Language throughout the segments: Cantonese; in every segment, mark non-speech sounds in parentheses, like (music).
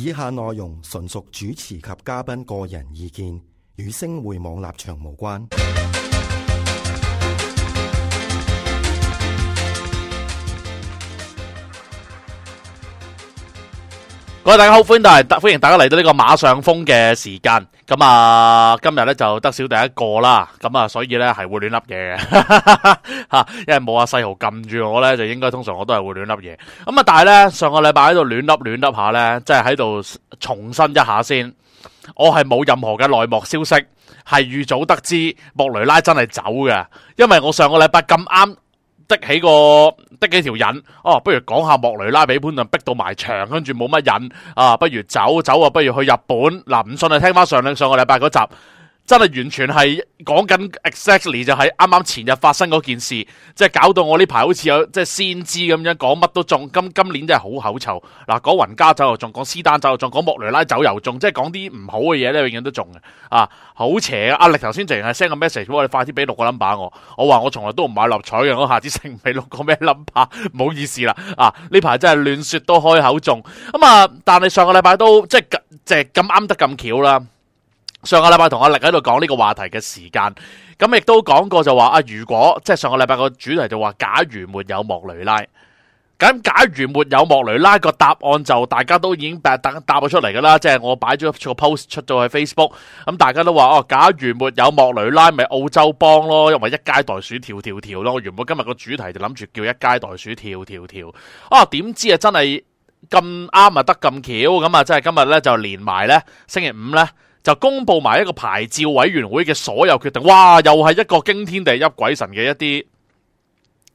以下內容純屬主持及嘉賓個人意見，與星匯網立場無關。各位大家好，歡迎大歡迎大家嚟到呢個馬上瘋嘅時間。咁啊，今日咧就得少第一個啦，咁啊，所以咧係會亂笠嘢嘅，吓， (laughs) 因為冇阿細豪撳住我咧，就應該通常我都係會亂笠嘢。咁啊，但係咧上個禮拜喺度亂笠亂笠下咧，即係喺度重申一下先。我係冇任何嘅內幕消息，係預早得知莫雷拉真係走嘅，因為我上個禮拜咁啱。的起個的起條癮，哦、啊，不如講下莫雷拉俾潘頓逼到埋牆，跟住冇乜癮，啊，不如走走啊，不如去日本，嗱、啊，唔信你聽翻上兩上個禮拜嗰集。真係完全係講緊 exactly 就係啱啱前日發生嗰件事，即係搞到我呢排好似有即係先知咁樣講乜都中今，今今年真係好口臭、啊。嗱，講雲家走又中，講施丹走又中，講莫雷拉走又中，即係講啲唔好嘅嘢咧，永遠都中嘅、啊啊。啊，好邪！阿力頭先淨係 send 個 message，我話你快啲俾六個 number 我。我話我從來都唔買六合彩嘅，我下次剩唔起六個咩 number，唔好意思啦、啊。啊，呢排真係亂說都開口中咁啊！但係上個禮拜都即係即係咁啱得咁巧啦。上個禮拜同阿力喺度講呢個話題嘅時間，咁亦都講過就話啊，如果即係上個禮拜個主題就話，假如沒有莫雷拉，咁假如沒有莫雷拉個答案就大家都已經答答咗出嚟噶啦，即係我擺咗個 post 出咗去 Facebook，咁大家都話哦，假如沒有莫雷拉，咪澳洲幫咯，因為一街袋鼠跳跳跳咯，我原本今日個主題就諗住叫一街袋鼠跳跳跳，啊，點知啊真係咁啱啊得咁巧，咁啊真係今日咧就連埋咧星期五咧。就公布埋一個牌照委員會嘅所有決定，哇！又係一個驚天地泣鬼神嘅一啲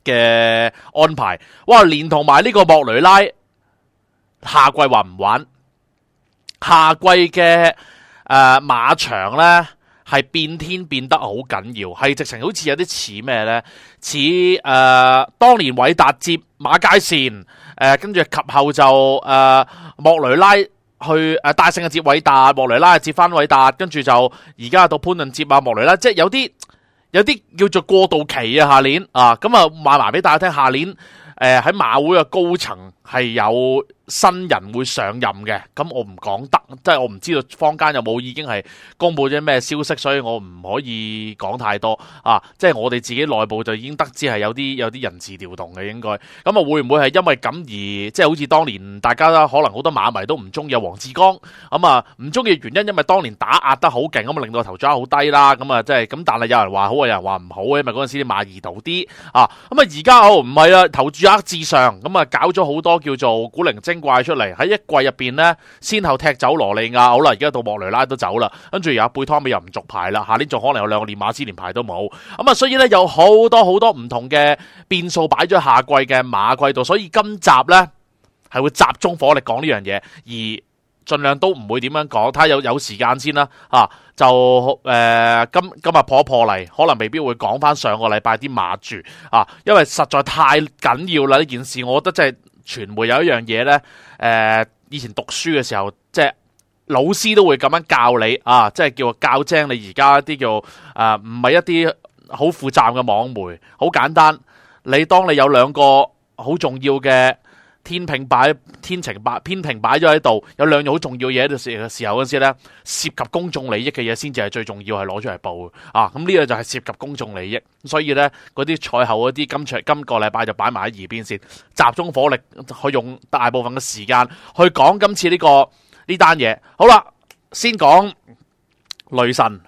嘅安排，哇！連同埋呢個莫雷拉下季玩唔玩？下季嘅誒、呃、馬場咧係變天變得好緊要，係直情好似有啲似咩咧？似誒、呃、當年韋達接馬佳善，誒跟住及後就誒、呃、莫雷拉。去誒大勝嘅接韋達，莫雷拉接翻韋達，跟住就而家到潘頓接啊，莫雷拉，即係有啲有啲叫做過渡期啊，下年啊，咁啊話埋俾大家聽，下年誒喺、呃、馬會嘅高層係有。新人會上任嘅，咁我唔講得，即係我唔知道坊間有冇已經係公布咗咩消息，所以我唔可以講太多啊！即係我哋自己內部就已經得知係有啲有啲人事調動嘅，應該咁啊，會唔會係因為咁而即係好似當年大家啦，可能好多馬迷都唔中意阿黃志剛咁啊，唔中意嘅原因因為當年打壓得好勁，咁啊令到頭獎好低啦，咁啊即係咁，但係有人話好，有人話唔好因為嗰陣時啲馬兒賭啲啊，咁啊而家好，唔係啦，投、哦、注額至上，咁啊搞咗好多叫做古靈精。怪出嚟喺一季入邊呢，先後踢走羅寧啊，好啦，而家到莫雷拉都走啦，跟住阿貝湯美又唔續牌啦，下年仲可能有兩個練馬師連牌都冇，咁啊，所以呢，有好多好多唔同嘅變數擺咗下季嘅馬季度，所以今集呢，係會集中火力講呢樣嘢，而儘量都唔會點樣講，睇下有有時間先啦啊，啊，就誒、呃、今今日破一破例，可能未必會講翻上個禮拜啲馬住啊，因為實在太緊要啦呢件事，我覺得真係。傳媒有一樣嘢咧，誒以前讀書嘅時候，即係老師都會咁樣教你啊，即係叫我教精你而家啲叫啊唔係一啲好負責任嘅網媒，好簡單。你當你有兩個好重要嘅。天平擺天秤擺偏平擺咗喺度，有兩樣好重要嘢，就時嘅時候嗰時咧，涉及公眾利益嘅嘢，先至係最重要，係攞出嚟報啊！咁呢個就係涉及公眾利益，所以咧嗰啲賽後嗰啲金卓，今個禮拜就擺埋喺耳邊先，集中火力，去用大部分嘅時間去講今次呢、這個呢單嘢。好啦，先講雷神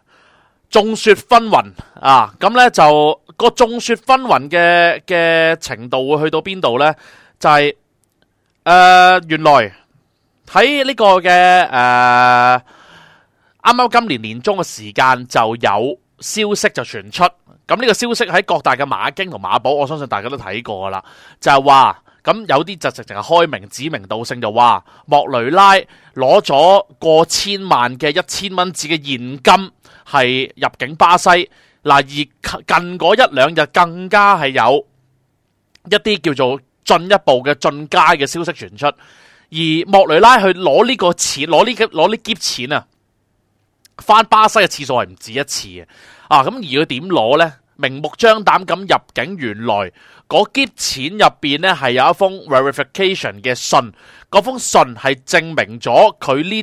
眾說紛紜啊！咁咧就個眾說紛紜嘅嘅程度會去到邊度咧？就係、是。誒、呃，原來喺呢個嘅誒，啱、呃、啱今年年中嘅時間就有消息就傳出，咁、這、呢個消息喺各大嘅馬經同馬寶，我相信大家都睇過啦，就係話，咁有啲就直情係開名指名道姓就話莫雷拉攞咗過千萬嘅一千蚊紙嘅現金係入境巴西，嗱而近嗰一兩日更加係有一啲叫做。進一步嘅進階嘅消息傳出，而莫雷拉去攞呢個錢，攞呢嘅攞呢喼錢啊，翻巴西嘅次數係唔止一次嘅啊！咁而佢點攞呢？明目張膽咁入境。原來，嗰喼錢入邊呢係有一封 verification 嘅信，嗰封信係證明咗佢呢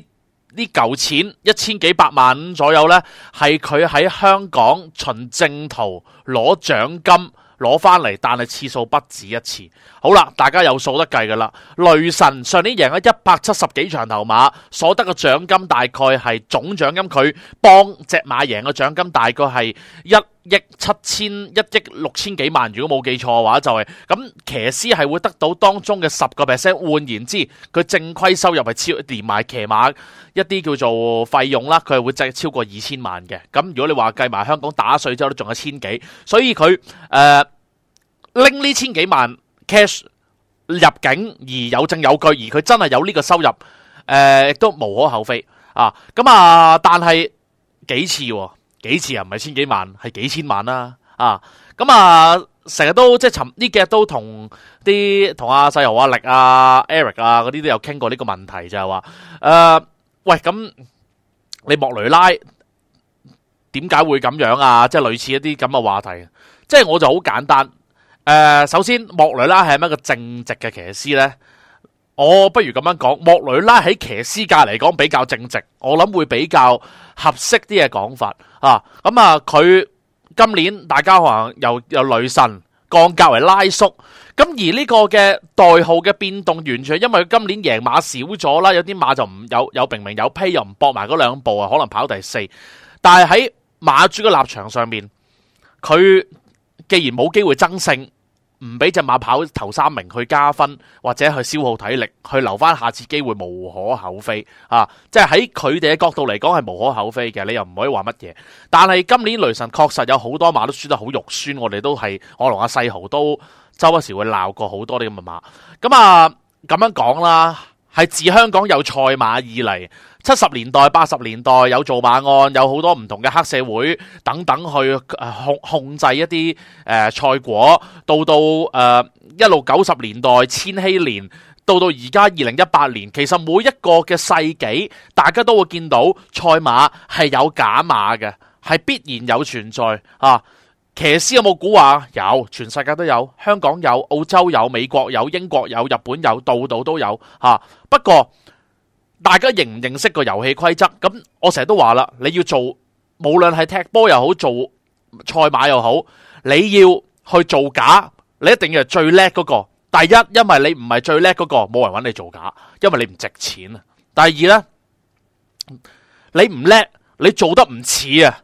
呢嚿錢一千幾百萬左右呢，係佢喺香港循正途攞獎金。攞翻嚟，但係次數不止一次。好啦，大家有數得計噶啦。雷神上年贏咗一百七十幾場頭馬，所得嘅獎金大概係總獎金，佢幫隻馬贏嘅獎金大概係一。億七千一億六千幾萬，如果冇記錯嘅話、就係，就係咁。騎師係會得到當中嘅十個 percent，換言之，佢正規收入係超連埋騎馬一啲叫做費用啦，佢係會淨超過二千萬嘅。咁如果你話計埋香港打稅之後都仲有一千幾，所以佢誒拎呢千幾萬 cash 入境而有證有據，而佢真係有呢個收入，誒、呃、亦都無可厚非啊。咁啊，但係幾次、啊？幾次啊，唔係千幾萬，係幾千萬啦、啊，啊，咁啊，成日都即係尋呢幾日都同啲同阿細豪、阿力啊 Eric 啊嗰啲都有傾過呢個問題就係、是、話，誒、呃，喂，咁你莫雷拉點解會咁樣啊？即係類似一啲咁嘅話題，即係我就好簡單，誒、呃，首先莫雷拉係一個正直嘅騎師呢？我不如咁樣講，莫雷拉喺騎師界嚟講比較正直，我諗會比較合適啲嘅講法啊。咁、嗯、啊，佢今年大家可能又又女神降價為拉縮，咁而呢個嘅代號嘅變動，完全係因為佢今年贏馬少咗啦，有啲馬就唔有有明明有批又唔搏埋嗰兩步啊，可能跑第四。但係喺馬主嘅立場上面，佢既然冇機會爭勝。唔俾隻馬跑頭三名去加分，或者去消耗體力，去留翻下次機會，無可厚非啊！即係喺佢哋嘅角度嚟講，係無可厚非嘅，你又唔可以話乜嘢。但係今年雷神確實有好多馬都輸得好肉酸，我哋都係我同阿細豪都周不時會鬧過好多啲咁嘅馬。咁、嗯、啊，咁樣講啦，係自香港有賽馬以嚟，七十年代、八十年代有做馬案，有好多唔同嘅黑社會等等去控控制一啲誒賽果，到到誒一路九十年代、千禧年，到到而家二零一八年，其實每一個嘅世紀，大家都會見到賽馬係有假馬嘅，係必然有存在嚇、啊。騎師有冇估話？有，全世界都有，香港有，澳洲有，美國有，英國有，日本有，度度都有嚇、啊。不過，大家認唔認識個遊戲規則？咁我成日都話啦，你要做，無論係踢波又好，做賽馬又好，你要去做假，你一定要最叻嗰個。第一，因為你唔係最叻嗰個，冇人揾你做假，因為你唔值錢啊。第二呢，你唔叻，你做得唔似啊，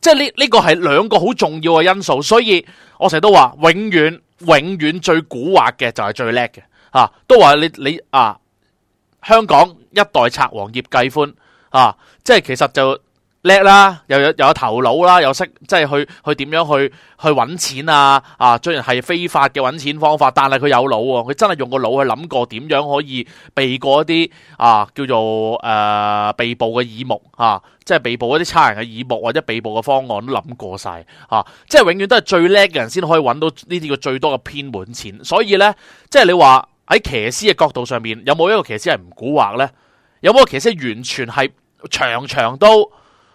即係呢呢個係兩個好重要嘅因素。所以我成日都話，永遠永遠最蠱惑嘅就係最叻嘅吓，都話你你啊。香港一代賊王葉繼歡啊，即係其實就叻啦，又有又有，有頭腦啦，又識即係去去點樣去去揾錢啊！啊，雖然係非法嘅揾錢方法，但係佢有腦喎，佢真係用個腦去諗過點樣可以避過一啲啊叫做誒被捕嘅耳目啊！即係被捕一啲差人嘅耳目或者被捕嘅方案都諗過晒，啊！即係永遠都係最叻嘅人先可以揾到呢啲嘅最多嘅偏門錢，所以呢，即係你話。喺騎師嘅角度上面，有冇一個騎師係唔蠱惑呢？有冇個騎師完全係場場都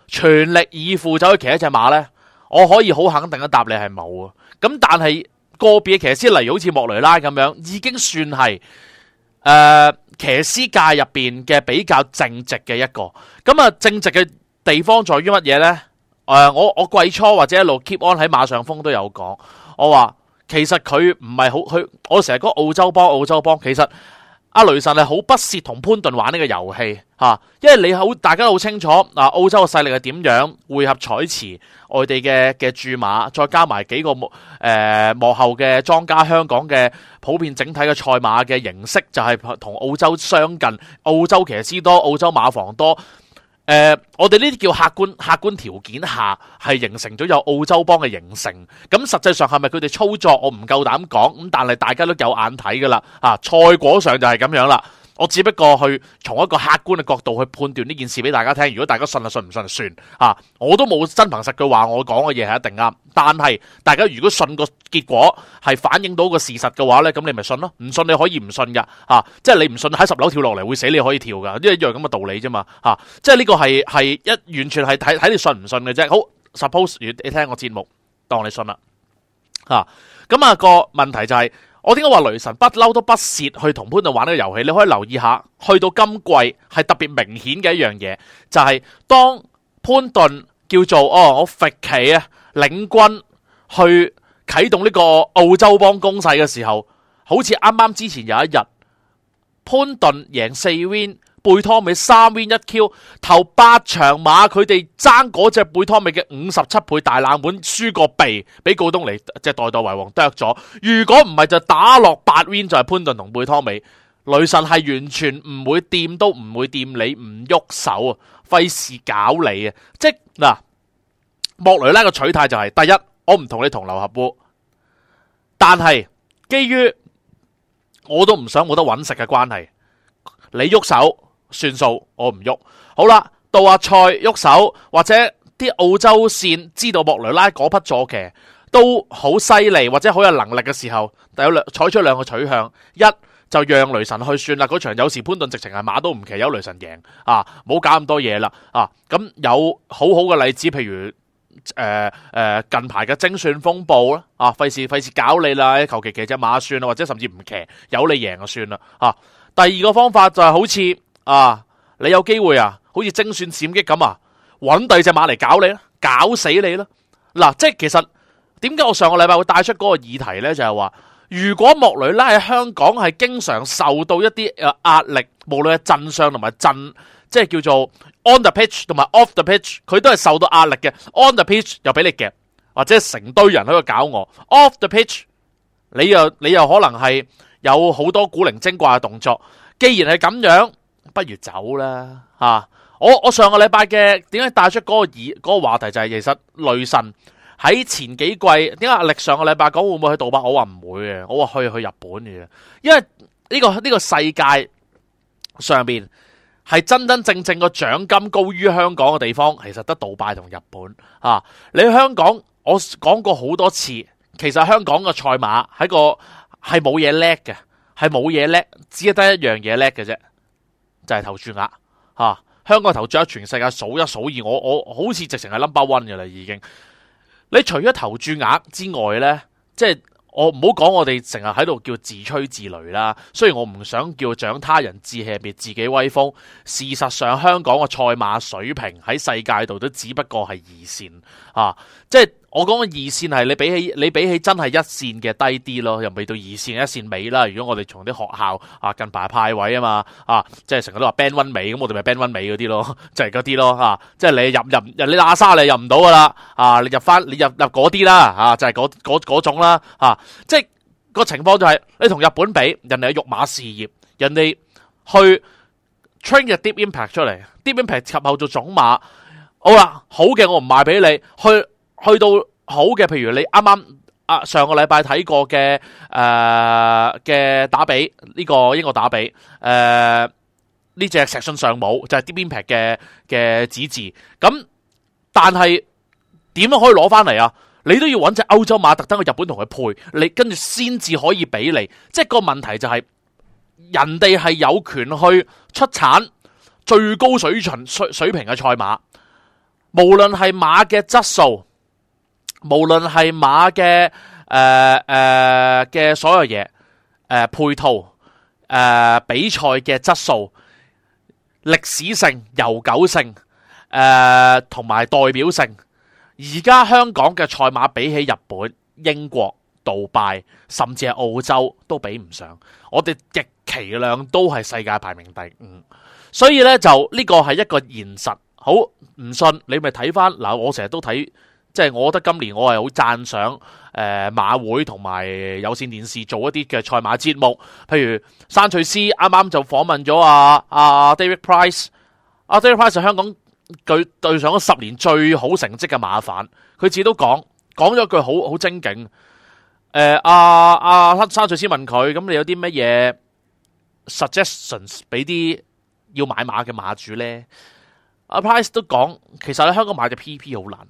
全力以赴走去騎一隻馬呢？我可以好肯定嘅答你係冇啊。咁但係個別嘅騎師例如，好似莫雷拉咁樣，已經算係誒騎師界入邊嘅比較正直嘅一個。咁啊，正直嘅地方在於乜嘢呢？誒、呃，我我季初或者一路 keep on 喺馬上瘋都有講，我話。其實佢唔係好佢，我成日講澳洲幫澳洲幫。其實阿雷神係好不屑同潘頓玩呢個遊戲吓，因為你好大家都好清楚啊，澳洲嘅勢力係點樣匯合彩池外地嘅嘅注馬，再加埋幾個幕誒、呃、幕後嘅莊家，香港嘅普遍整體嘅賽馬嘅形式就係同澳洲相近。澳洲騎師多，澳洲馬房多。誒、呃，我哋呢啲叫客觀，客觀條件下係形成咗有澳洲幫嘅形成，咁實際上係咪佢哋操作，我唔夠膽講，咁但係大家都有眼睇噶啦，啊，賽果上就係咁樣啦。我只不過去從一個客觀嘅角度去判斷呢件事俾大家聽，如果大家信就信，唔信就算嚇，啊。我都冇真憑實據話我講嘅嘢係一定啱，但係大家如果信個結果係反映到個事實嘅話呢，咁你咪信咯。唔信你可以唔信嘅嚇，啊，即係你唔信喺十樓跳落嚟會死，你可以跳㗎，呢一樣咁嘅道理啫嘛嚇。即係呢個係係一完全係睇睇你信唔信嘅啫。好，suppose you，你聽我節目當你信啦嚇。咁啊個問題就係。我點解話雷神不嬲都不屑去同潘頓玩呢個遊戲？你可以留意下，去到今季係特別明顯嘅一樣嘢，就係、是、當潘頓叫做哦，我弗奇啊，領軍去啟動呢個澳洲幫攻勢嘅時候，好似啱啱之前有一日潘頓贏四 win。貝湯美三 win 一 q，頭八場馬佢哋爭嗰隻貝湯美嘅五十七倍大冷門輸個鼻，俾告東尼即係代代為王剁咗。如果唔係就打落八 win 就係潘頓同貝湯美。雷神係完全唔會掂都唔會掂你唔喐手啊，費事搞你啊！即嗱，莫雷拉嘅取態就係、是、第一，我唔同你同流合污，但係基於我都唔想冇得揾食嘅關係，你喐手。算數，我唔喐好啦。到阿蔡喐手，或者啲澳洲綫知道莫雷拉嗰匹坐騎都好犀利，或者好有能力嘅時候，有兩採取兩個取向，一就讓雷神去算啦。嗰場有時潘頓直情係馬都唔騎，由雷神贏啊，唔好搞咁多嘢啦啊。咁有好好嘅例子，譬如誒誒、呃呃、近排嘅精算風暴啦啊，費事費事搞你啦，求其騎隻馬算啦，或者甚至唔騎，由你贏就算啦。吓、啊，第二個方法就係好似。啊啊啊！你有機會啊，好似精選閃擊咁啊，搵第二隻馬嚟搞你啦，搞死你啦！嗱、啊，即係其實點解我上個禮拜會帶出嗰個議題呢？就係、是、話，如果莫雷拉喺香港係經常受到一啲誒壓力，無論係陣上同埋陣，即係叫做 on the pitch 同埋 off the pitch，佢都係受到壓力嘅。on the pitch 又俾你夾，或者成堆人喺度搞我；off the pitch，你又你又可能係有好多古靈精怪嘅動作。既然係咁樣。不如走啦！啊，我我上個禮拜嘅點解帶出嗰個二嗰、嗰個話題就係、是，其實雷神喺前幾季點解阿力上個禮拜講會唔會去杜拜？我話唔會嘅，我話去去日本嘅，因為呢、這個呢、這個世界上邊係真真正正個獎金高於香港嘅地方，其實得杜拜同日本啊！你香港我講過好多次，其實香港賽個賽馬喺個係冇嘢叻嘅，係冇嘢叻，只係得一樣嘢叻嘅啫。就係投注額吓、啊，香港投注額喺全世界數一數二，我我好似直情係 number one 嘅啦，已經。你除咗投注額之外呢，即係我唔好講我哋成日喺度叫自吹自擂啦。雖然我唔想叫長他人志氣，滅自己威風。事實上，香港嘅賽馬水平喺世界度都只不過係二線啊，即係。我講嘅二線係你比起你比起真係一線嘅低啲咯，又未到二線一線尾啦。如果我哋從啲學校啊近排派位啊嘛，啊即係成日都話 band one 尾咁，我哋咪 band one 尾嗰啲咯，就係嗰啲咯啊！即係你入入人你喇沙你入唔到噶啦啊！你入翻你入入嗰啲啦啊，就係嗰嗰嗰種啦啊！即係、個情況就係、是、你同日本比，人哋有育馬事業，人哋去 train 個 deep impact 出嚟，deep impact 及後做種馬。好啦，好嘅，我唔賣俾你去。去到好嘅，譬如你啱啱啊，上個禮拜睇過嘅誒嘅打比呢個英國打比誒呢，呃，只石信上冇就係 Deep Impact 嘅嘅紙字咁，但係點樣可以攞翻嚟啊？你都要揾隻歐洲馬特登去日本同佢配，你跟住先至可以俾你。即係個問題就係，是，人哋係有權去出產最高水準水平嘅賽馬，無論係馬嘅質素。無論係馬嘅誒誒嘅所有嘢誒、呃、配套誒、呃、比賽嘅質素、歷史性、悠久性誒同埋代表性。而家香港嘅賽馬比起日本、英國、杜拜、甚至係澳洲都比唔上我哋，極其量都係世界排名第五，所以呢，就呢個係一個現實。好，唔信你咪睇翻嗱，我成日都睇。即係我覺得今年我係好讚賞誒馬會同埋有線電視做一啲嘅賽馬節目，譬如山翠師啱啱就訪問咗阿阿 David Price，阿、啊、David Price 喺香港佢對上咗十年最好成績嘅馬販，佢自己都講講咗句好好精警。誒阿阿山翠師問佢咁，你有啲乜嘢 suggestions 俾啲要買馬嘅馬主咧？阿、啊、Price 都講，其實喺香港買隻 PP 好難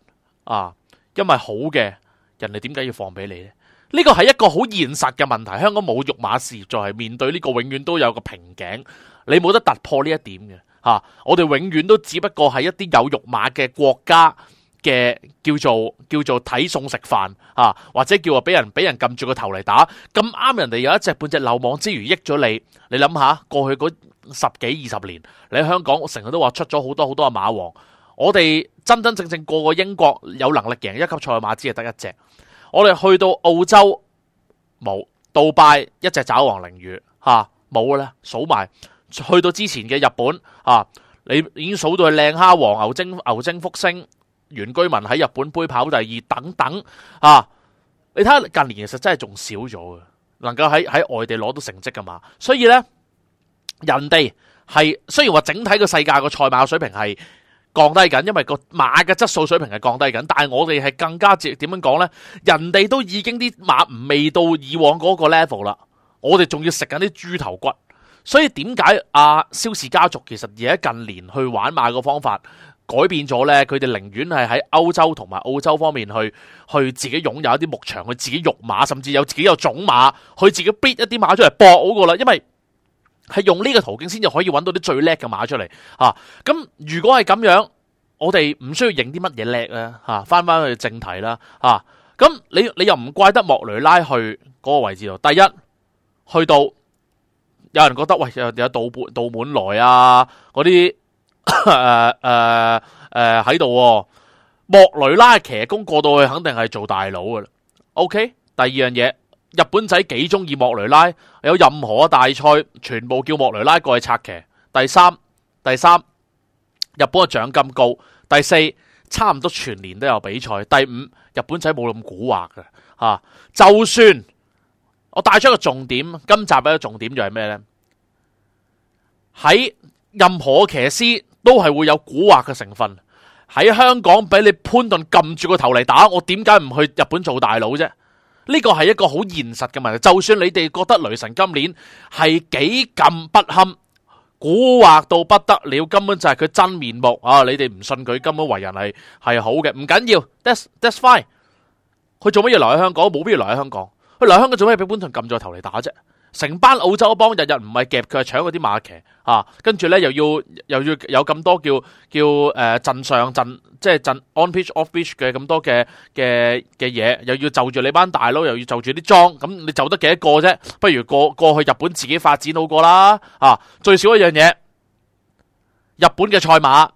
啊！因為好嘅人哋點解要放俾你呢？呢個係一個好現實嘅問題。香港冇育馬事業，就係面對呢個永遠都有個瓶頸，你冇得突破呢一點嘅吓。我哋永遠都只不過係一啲有育馬嘅國家嘅叫做叫做睇餸食飯吓，或者叫話俾人俾人撳住個頭嚟打。咁啱人哋有一隻半隻漏網之魚益咗你，你諗下過去嗰十幾二十年，你喺香港成日都話出咗好多好多阿馬王。我哋真真正正個個英國有能力贏一級賽馬，只係得一隻。我哋去到澳洲冇，杜拜一隻爪王靈魚吓冇啦，數、啊、埋去到之前嘅日本吓、啊，你已經數到去靚蝦王、牛精、牛精福星、原居民喺日本杯跑第二等等吓、啊。你睇下近年其實真係仲少咗嘅，能夠喺喺外地攞到成績㗎嘛？所以呢，人哋係雖然話整體個世界個賽馬水平係。降低緊，因為個馬嘅質素水平係降低緊，但係我哋係更加直接點樣講呢？人哋都已經啲馬唔未到以往嗰個 level 啦，我哋仲要食緊啲豬頭骨，所以點解阿肖氏家族其實而家近年去玩馬個方法改變咗呢？佢哋寧願係喺歐洲同埋澳洲方面去去自己擁有一啲牧場，去自己育馬，甚至有自己有種馬，去自己逼一啲馬出嚟搏好過啦，因為。係用呢個途徑先至可以揾到啲最叻嘅馬出嚟，吓、啊、咁如果係咁樣，我哋唔需要影啲乜嘢叻咧，吓翻翻去正題啦，吓、啊、咁你你又唔怪得莫雷拉去嗰個位置度，第一去到有人覺得喂，有有杜門杜門來啊嗰啲誒誒誒喺度，莫雷拉騎功過到去肯定係做大佬噶啦，OK，第二樣嘢。日本仔幾中意莫雷拉，有任何大賽，全部叫莫雷拉過去拆騎。第三、第三，日本嘅獎金高。第四，差唔多全年都有比賽。第五，日本仔冇咁蠱惑嘅吓、啊。就算我帶出一個重點，今集嘅重點就係咩呢？喺任何嘅騎師都係會有蠱惑嘅成分。喺香港俾你潘頓撳住個頭嚟打，我點解唔去日本做大佬啫？呢個係一個好現實嘅問題，就算你哋覺得雷神今年係幾咁不堪、蠱惑到不得了，根本就係佢真面目啊！你哋唔信佢根本為人係係好嘅，唔緊要。That's that's fine。佢做乜嘢留喺香港？冇必要留喺香港。佢留香港做咩？俾本場撳咗頭嚟打啫。成班澳洲幫日日唔係夾佢係搶嗰啲馬騎啊，跟住呢，又要又要有咁多叫叫誒鎮、呃、上鎮即係鎮 on pitch off pitch 嘅咁多嘅嘅嘅嘢，又要就住你班大佬，又要就住啲莊，咁、嗯、你就得幾多個啫？不如過過去日本自己發展好過啦啊！最少一樣嘢，日本嘅賽馬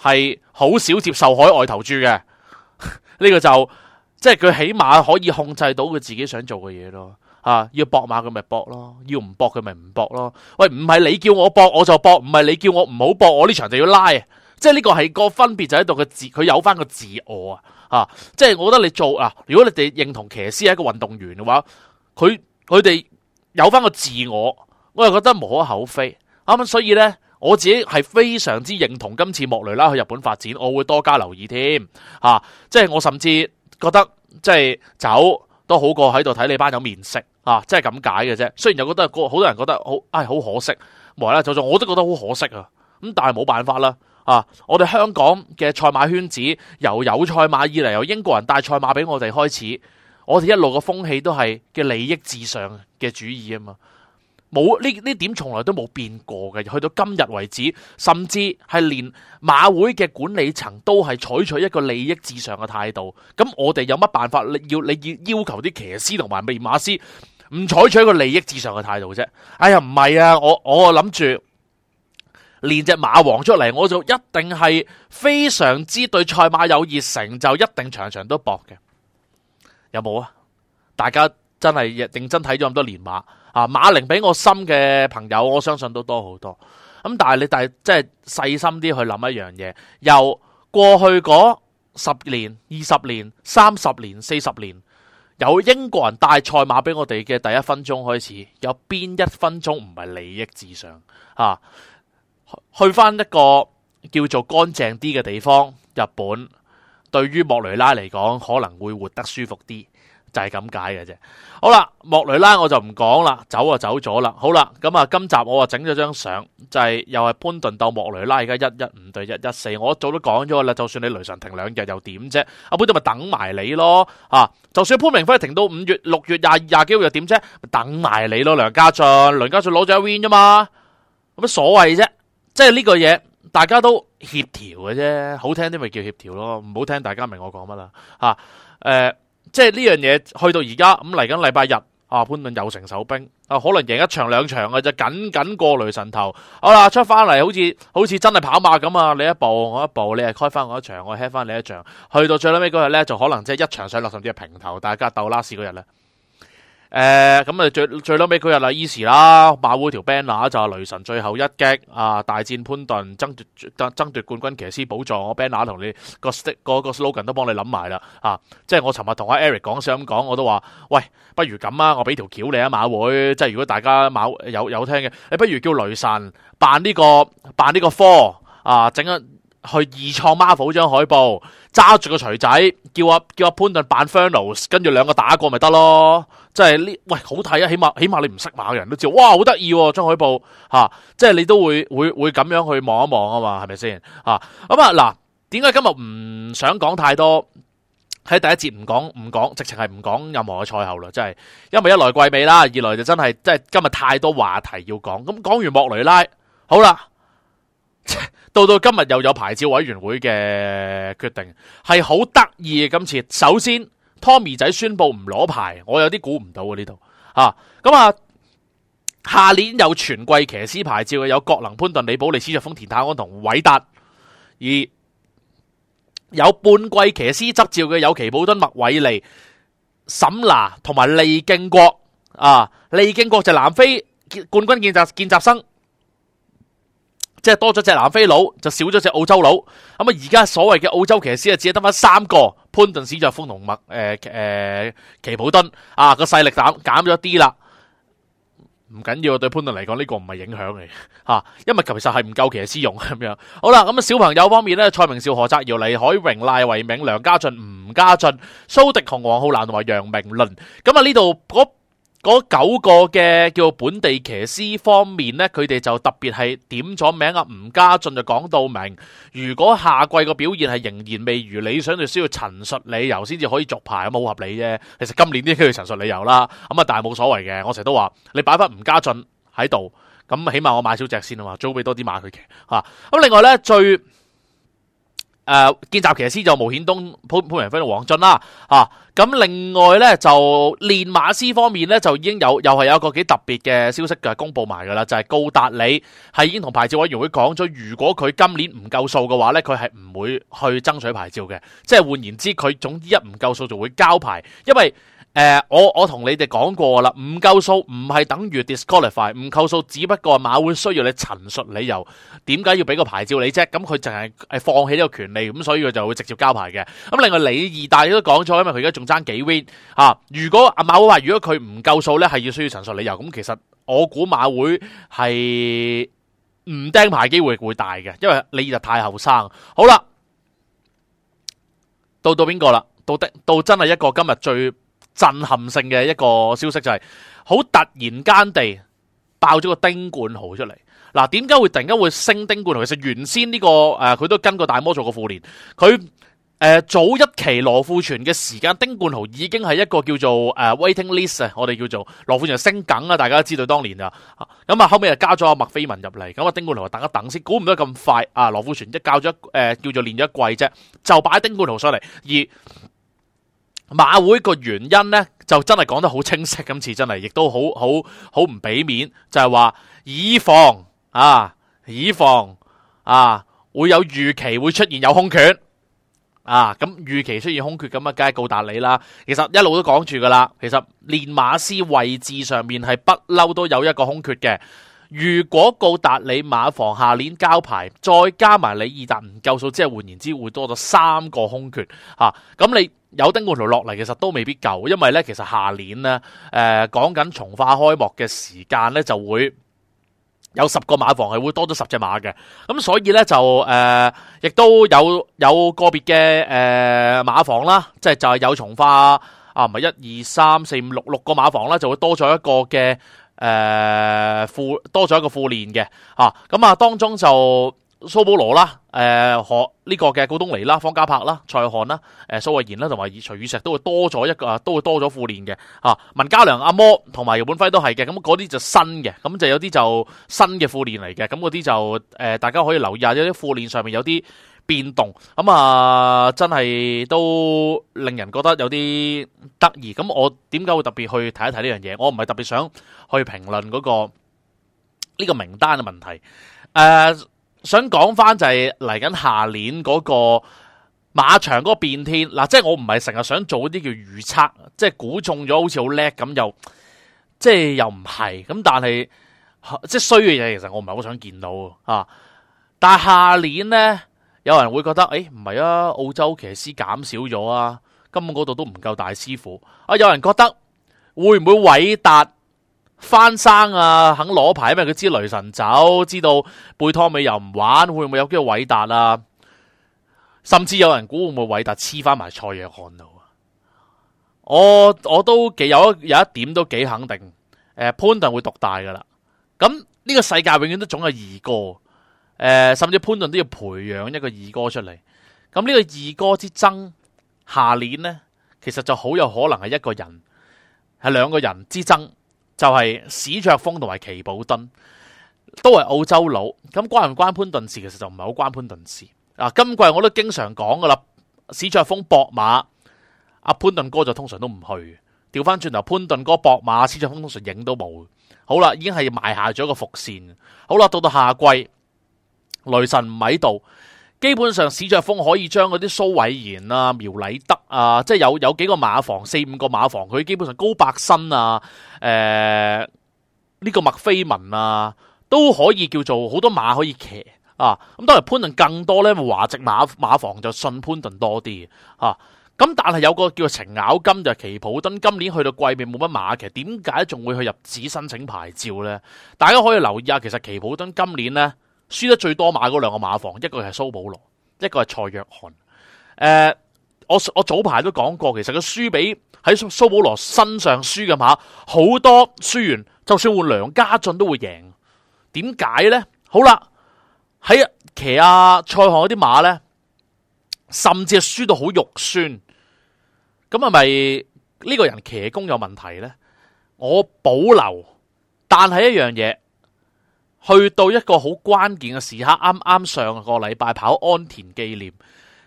係好少接受海外投注嘅，呢 (laughs) 個就即係佢起碼可以控制到佢自己想做嘅嘢咯。啊！要搏馬佢咪搏咯，要唔搏佢咪唔搏咯。喂，唔係你叫我搏我就搏，唔係你叫我唔好搏我呢場就要拉、啊。即係呢個係個分別就，就喺度嘅。自佢有翻個自我啊！嚇、啊，即係我覺得你做啊，如果你哋認同騎師係一個運動員嘅話，佢佢哋有翻個自我，我又覺得無可厚非。啱、啊、所以呢，我自己係非常之認同今次莫雷拉去日本發展，我會多加留意添。嚇、啊，即係我甚至覺得即係走都好過喺度睇你班友面色。啊，真係咁解嘅啫。雖然又覺得好多人覺得好，唉、哎，好可惜。冇啦啦，走咗我都覺得好可惜啊。咁但係冇辦法啦。啊，我哋香港嘅賽馬圈子，由有賽馬以嚟，由英國人帶賽馬俾我哋開始，我哋一路嘅風氣都係嘅利益至上嘅主義啊嘛。冇呢呢點，從來都冇變過嘅。去到今日為止，甚至係連馬會嘅管理層都係採取一個利益至上嘅態度。咁我哋有乜辦法？你要你要要求啲騎師同埋練馬師？唔採取一個利益至上嘅態度啫。哎呀，唔係啊，我我諗住練隻馬王出嚟，我就一定係非常之對賽馬有熱誠，就一定場場都搏嘅。有冇啊？大家真係認真睇咗咁多年馬啊，馬齡比我深嘅朋友，我相信都多好多。咁、嗯、但係你但係真係細心啲去諗一樣嘢，由過去嗰十年、二十年、三十年、四十年。由英國人帶賽馬俾我哋嘅第一分鐘開始，有邊一分鐘唔係利益至上？嚇、啊，去返一個叫做乾淨啲嘅地方，日本對於莫雷拉嚟講可能會活得舒服啲。就係咁解嘅啫。好啦，莫雷拉我就唔講啦，走就走咗啦。好啦，咁啊今集我啊整咗張相，就係、是、又係潘頓鬥莫雷拉而家一一五對一一四，我早都講咗啦。就算你雷神停兩日又點啫？阿、啊、潘頓咪等埋你咯，吓、啊！就算潘明輝停到五月六月廿廿幾號又點啫？等埋你咯，梁家俊，梁家俊攞咗 win 啫嘛，有乜所謂啫？即係呢個嘢大家都協調嘅啫，好聽啲咪叫協調咯，唔好聽大家明我講乜啦吓？誒、啊。欸即係呢樣嘢去到而家咁嚟緊禮拜日啊，潘頓又成守兵啊，可能贏一場兩場嘅就緊緊過雷神頭、啊，好啦，出翻嚟好似好似真係跑馬咁啊！你一步我一步，你係開翻我一場，我 head 翻你一場，去到最屘尾嗰日咧，就可能即係一場上落甚至係平頭，大家鬥啦，last 嗰日啦。誒，咁啊、呃、最，最最撈尾佢又係 e 啦，馬會條 banner 就係雷神最後一擊啊，大戰潘頓，爭奪爭奪冠軍騎師寶座。我 banner 同你個 s 個 slogan 都幫你諗埋啦，啊，即係我尋日同阿 Eric 講想講，我都話，喂，不如咁啊，我俾條橋你啊，馬會，即係如果大家馬會有有，有聽嘅，你不如叫雷神扮呢、這個扮呢個 Thor 啊，整一去二創 Marvel 張海報。揸住個錘仔，叫阿叫阿潘頓扮 Funnels 跟住兩個打過咪得咯，即係呢喂好睇啊！起碼起碼你唔識馬嘅人都知，哇好得意喎張海報嚇、啊，即係你都會會會咁樣去望一望啊嘛，係咪先嚇？咁啊嗱，點解今日唔想講太多？喺第一節唔講唔講，直情係唔講任何嘅賽後啦，真係因為一來季尾啦，二來就真係真係今日太多話題要講，咁講完莫雷拉，好啦。到到今日又有牌照委員會嘅決定，係好得意。今次首先，Tommy 仔宣布唔攞牌，我有啲估唔到啊呢度吓咁啊，嗯啊、下年有全季騎師牌照嘅有國能、潘頓、李寶利斯、斯瑞豐、田泰安同韋達，而有半季騎師執照嘅有奇普敦、麥偉利、沈娜同埋利敬國啊。利敬國就南非冠軍見習見習生。即係多咗隻南非佬，就少咗隻澳洲佬。咁啊，而家所謂嘅澳洲騎師啊，只係得翻三個。潘頓、史卓豐同麥誒誒、呃呃、奇普敦。啊，個勢力減減咗啲啦。唔緊要，對潘頓嚟講呢個唔係影響嚟吓，因為其實係唔夠騎師用咁樣，啊嗯。好啦，咁啊小朋友方面咧，蔡明少、何澤堯、黎海榮、賴維銘、梁家俊、吳家俊、蘇迪同黃浩南同埋楊明倫。咁啊呢度。嗰九個嘅叫本地騎師方面呢，佢哋就特別係點咗名啊，吳家俊就講到明，如果下季個表現係仍然未如理想，就需要陳述理由先至可以續牌，咁好合理啫。其實今年都要陳述理由啦，咁啊，但係冇所謂嘅，我成日都話你擺翻吳家俊喺度，咁起碼我買少隻先啊嘛，租俾多啲馬佢騎吓。咁另外呢，最。誒、呃，見習騎師就毛顯東、潘潘明輝、黃俊啦，吓咁、啊。另外呢，就練馬師方面呢，就已經有又係有一個幾特別嘅消息嘅公布埋噶啦，就係、是、高達里係已經同牌照委員會講咗，如果佢今年唔夠數嘅話呢，佢係唔會去爭取牌照嘅，即係換言之，佢總之一唔夠數就會交牌，因為。誒、呃，我我同你哋講過啦，唔夠數唔係等於 disqualify，唔夠數只不過馬會需要你陳述理由，點解要俾個牌照你啫？咁佢淨係放棄呢個權利，咁所以佢就會直接交牌嘅。咁另外李義大都講咗，因為佢而家仲爭幾 win，啊，如果阿馬會話，如果佢唔夠數呢，係要需要陳述理由，咁其實我估馬會係唔掟牌機會會大嘅，因為你就太後生。好啦，到到邊個啦？到到真係一個今日最。震撼性嘅一個消息就係，好突然間地爆咗個丁冠豪出嚟。嗱、啊，點解會突然間會升丁冠豪？其實原先呢、這個誒，佢、呃、都跟過大魔做過副練，佢誒、呃、早一期羅富全嘅時間，丁冠豪已經係一個叫做誒、呃、waiting list 啊，我哋叫做羅富全升梗啊，大家都知道當年啊。咁啊，後尾又加咗阿麥飛文入嚟，咁啊丁冠豪話等一等先，估唔得咁快啊！羅富全一教咗誒、呃、叫做練咗一季啫，就擺丁冠豪上嚟，而，而馬會個原因呢，就真係講得好清晰，今次真係，亦都好好好唔俾面，就係話以防啊，以防啊會有預期會出現有空缺啊，咁預期出現空缺咁啊，梗係告達理啦。其實一路都講住噶啦，其實練馬師位置上面係不嬲都有一個空缺嘅。如果告達理馬房下年交牌，再加埋李易達唔夠數，即係換言之會多咗三個空缺啊，咁你。有丁冠豪落嚟，其實都未必夠，因為咧，其實下年咧，誒講緊從化開幕嘅時間咧，就會有十個馬房係會多咗十隻馬嘅，咁、嗯、所以咧就誒、呃，亦都有有個別嘅誒馬房啦，即係就係有從化啊，唔係一二三四五六六個馬房啦，就會多咗一個嘅誒副多咗一個副練嘅啊，咁、嗯、啊，當中就。蘇保羅啦，誒、呃，何、這、呢個嘅告東尼啦，方嘉柏啦，蔡漢啦，誒、呃，蘇偉賢啦，同埋徐雨石都會多咗一個，都會多咗副練嘅，吓、啊，文家良、阿摩同埋姚本輝都係嘅，咁嗰啲就新嘅，咁就有啲就新嘅副練嚟嘅，咁嗰啲就誒，大家可以留意下，有啲副練上面有啲變動，咁啊，真係都令人覺得有啲得意，咁我點解會特別去睇一睇呢樣嘢？我唔係特別想去評論嗰、那個呢、這個名單嘅問題，誒、呃。呃想講翻就係嚟緊下年嗰個馬場嗰個變天嗱，即係我唔係成日想做啲叫做預測，即係估中咗好似好叻咁，又即係又唔係咁，但係即係衰嘅嘢其實我唔係好想見到啊！但係下年呢，有人會覺得誒唔係啊，澳洲騎師減少咗啊，根本嗰度都唔夠大師傅啊！有人覺得會唔會偉達？翻生啊！肯攞牌，因為佢知雷神走，知道貝托米又唔玩，會唔會有機會韋達啊？甚至有人估會唔會韋達黐翻埋蔡約翰度啊？我我都幾有有一點都幾肯定，誒、呃、潘頓會獨大噶啦。咁呢、這個世界永遠都總有二哥，誒、呃、甚至潘頓都要培養一個二哥出嚟。咁呢個二哥之爭，下年呢，其實就好有可能係一個人，係兩個人之爭。就係史卓峰同埋奇寶敦，都係澳洲佬。咁關唔關潘頓事？其實就唔係好關潘頓事。嗱，今季我都經常講噶啦，史卓峰博馬，阿潘頓哥就通常都唔去。調翻轉頭，潘頓哥博馬，史卓峰通常影都冇。好啦，已經係埋下咗一個伏線。好啦，到到下季，雷神唔喺度。基本上史卓峰可以將嗰啲蘇偉賢啊、苗禮德啊，即係有有幾個馬房四五個馬房，佢基本上高伯新啊、誒、呃、呢、這個麥菲文啊，都可以叫做好多馬可以騎啊。咁當然潘頓更多咧，華籍馬馬房就信潘頓多啲吓。咁、啊、但係有個叫做程咬金就係奇普敦，今年去到季末冇乜馬騎，點解仲會去入紙申請牌照呢？大家可以留意下，其實奇普敦今年呢。輸得最多買嗰兩個馬房，一個係蘇保羅，一個係蔡約翰。誒、呃，我我早排都講過，其實佢輸俾喺蘇保羅身上輸嘅馬好多輸，輸完就算換梁家俊都會贏。點解呢？好啦，喺騎阿蔡翰嗰啲馬呢，甚至係輸到好肉酸。咁係咪呢個人騎功有問題呢？我保留，但係一樣嘢。去到一個好關鍵嘅時刻，啱啱上個禮拜跑安田紀念，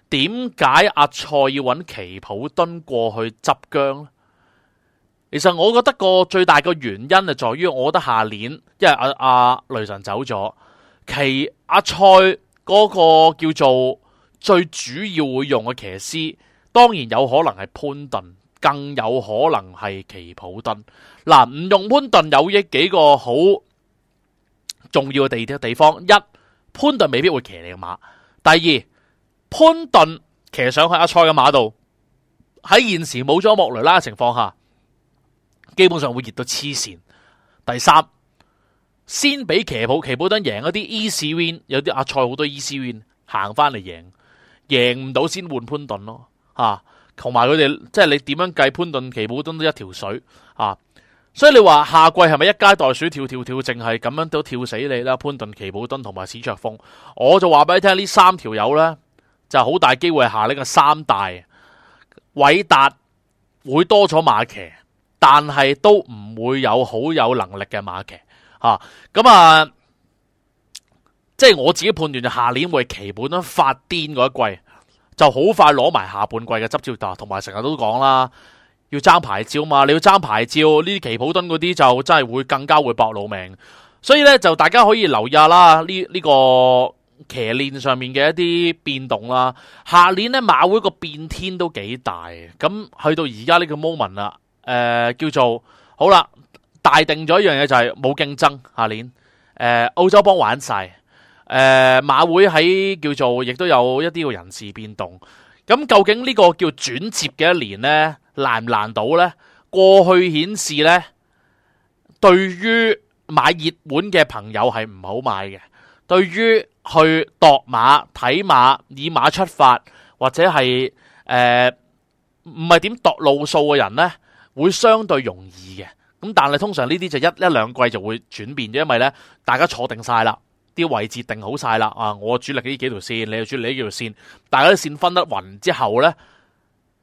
點解阿蔡要揾奇普敦過去執薑？其實我覺得個最大嘅原因就在於，我覺得下年因為阿、啊、阿、啊、雷神走咗，奇阿蔡嗰個叫做最主要會用嘅騎師，當然有可能係潘頓，更有可能係奇普敦。嗱，唔用潘頓有益幾個好。重要嘅地的地方，一，潘頓未必會騎你嘅馬。第二，潘頓騎上去阿蔡嘅馬度，喺現時冇咗莫雷拉嘅情況下，基本上會熱到黐線。第三，先俾騎普騎普登贏一啲 easy win，有啲阿蔡好多 easy win 行翻嚟贏，贏唔到先換潘頓咯。吓、啊，同埋佢哋即係你點樣計潘頓騎普登都一條水啊？所以你話下季係咪一街袋鼠跳跳跳，淨係咁樣都跳死你啦？潘頓、奇普敦同埋史卓峰，我就話俾你聽，三呢三條友呢就好大機會係下呢個三大偉達會多咗馬騎，但係都唔會有好有能力嘅馬騎吓。咁啊，即係、啊就是、我自己判斷就下年會奇普頓發癲嗰一季，就好快攞埋下半季嘅執照達，同埋成日都講啦。要爭牌照嘛？你要爭牌照，呢啲旗袍墩嗰啲就真係會更加會搏老命。所以呢，就大家可以留意下啦，呢呢、呢個騎練上面嘅一啲變動啦。下年呢，馬會個變天都幾大嘅。咁去到而家呢個 moment 啦，誒、呃、叫做好啦，大定咗一樣嘢就係、是、冇競爭。下年，誒、呃、澳洲幫玩晒，誒、呃、馬會喺叫做亦都有一啲嘅人事變動。咁究竟呢個叫轉接嘅一年呢？難唔難倒呢？過去顯示呢，對於買熱門嘅朋友係唔好買嘅，對於去度馬、睇馬、以馬出發或者係誒唔係點度路數嘅人呢，會相對容易嘅。咁但係通常呢啲就一一兩季就會轉變，因為呢大家坐定晒啦。啲位置定好晒啦，啊，我主力呢啲幾條線，你又主力呢幾條線，大家啲線分得匀之後咧，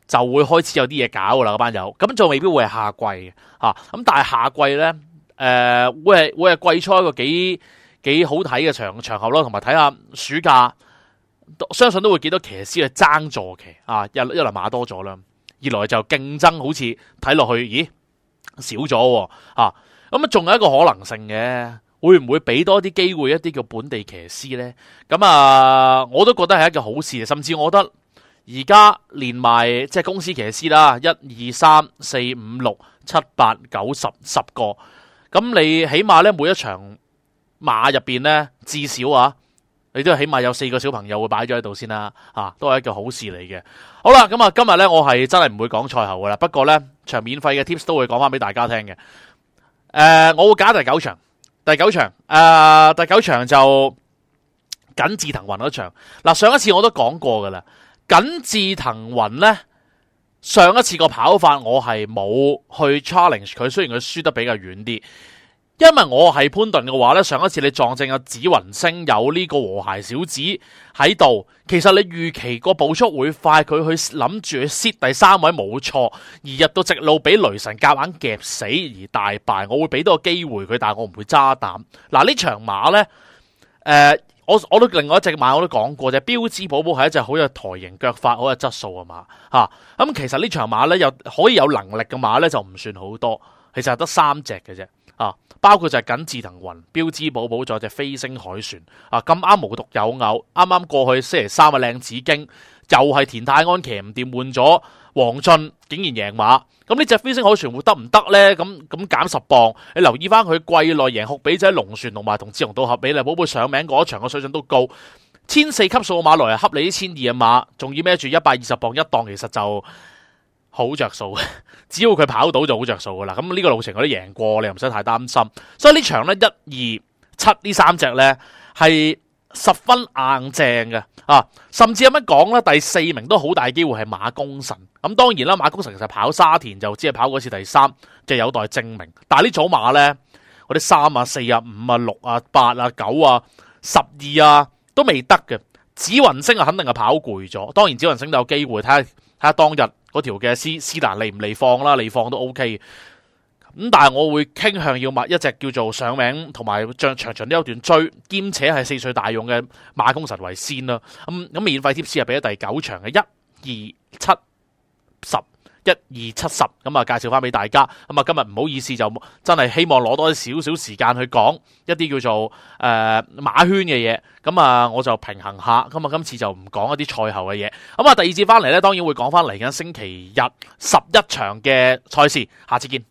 就會開始有啲嘢搞噶啦，個班友，咁就未必會係夏季，吓、啊，咁但係夏季咧，誒、呃，會係會係季初一個幾幾好睇嘅場場合咯，同埋睇下暑假，相信都會見到騎師去爭坐騎，啊，一一來馬多咗啦，二來就競爭好似睇落去，咦，少咗，吓，咁啊，仲、啊、有一個可能性嘅。會唔會俾多啲機會一啲叫本地騎師呢？咁啊，我都覺得係一個好事，甚至我覺得而家連埋即係公司騎師啦，一二三四五六七八九十十個咁，你起碼呢，每一場馬入邊呢，至少啊，你都起碼有四個小朋友會擺咗喺度先啦。吓、啊，都係一個好事嚟嘅。好啦，咁啊，今日呢，我係真係唔會講賽後噶啦，不過呢，場免費嘅 tips 都會講翻俾大家聽嘅。誒、呃，我會揀第九場。第九場，誒、呃，第九場就錦志騰雲嗰場，嗱，上一次我都講過噶啦，錦志騰雲呢，上一次個跑法我係冇去 challenge 佢，雖然佢輸得比較遠啲。因為我係潘頓嘅話呢，上一次你撞正阿紫雲星有呢個和諧小子喺度，其實你預期個步速會快，佢去諗住去 set 第三位冇錯，而入到直路俾雷神夾硬夾死而大敗。我會俾多個機會佢，但係我唔會揸膽。嗱，呢場馬呢，誒、呃，我我都另外一隻馬我都講過，就標誌寶寶係一隻好有台型腳法、好有質素嘅馬吓。咁、啊嗯、其實呢場馬呢，有可以有能力嘅馬呢，就唔算好多，其實係得三隻嘅啫。啊！包括就係緊自騰雲、標誌寶寶，仲有隻飛星海船啊！咁啱無獨有偶，啱啱過去星期三嘅靚子經，又係田泰安騎唔掂換咗黃俊，王竟然贏馬。咁呢隻飛星海船會得唔得呢？咁咁減十磅，你留意翻佢季內贏酷比仔龍船和和，同埋同志龍到合比，嚟寶寶上名嗰場嘅水準都高，千四級數嘅馬來啊，恰你啲千二嘅馬，仲要孭住一百二十磅一檔，其實就～好着數，只要佢跑到就好着數噶啦。咁呢個路程佢都贏過，你又唔使太擔心。所以呢場呢，一二七呢三隻呢，係十分硬正嘅啊！甚至有乜講呢，第四名都好大機會係馬功臣。咁當然啦，馬功臣其實跑沙田就只係跑嗰次第三，即係有待證明。但係呢組馬呢，嗰啲三啊、四啊、五啊、六啊、八啊、九啊、十二啊都未得嘅。紫雲星啊，肯定係跑攰咗。當然紫雲星都有機會睇下，睇下當日。條嘅斯斯蘭利唔利放啦？利放都 O K 嘅咁，但係我會傾向要買一隻叫做上名同埋長，長長長都有段追，兼且係四歲大用嘅馬功臣為先啦。咁、嗯、咁、嗯、免費貼士係俾咗第九場嘅一、二、七、十。一二七十咁啊，1 1 70, 介紹翻俾大家。咁啊，今日唔好意思，就真係希望攞多少少時間去講一啲叫做誒、呃、馬圈嘅嘢。咁啊，我就平衡下。咁啊，今次就唔講一啲賽後嘅嘢。咁啊，第二次翻嚟咧，當然會講翻嚟緊星期日十一場嘅賽事。下次見。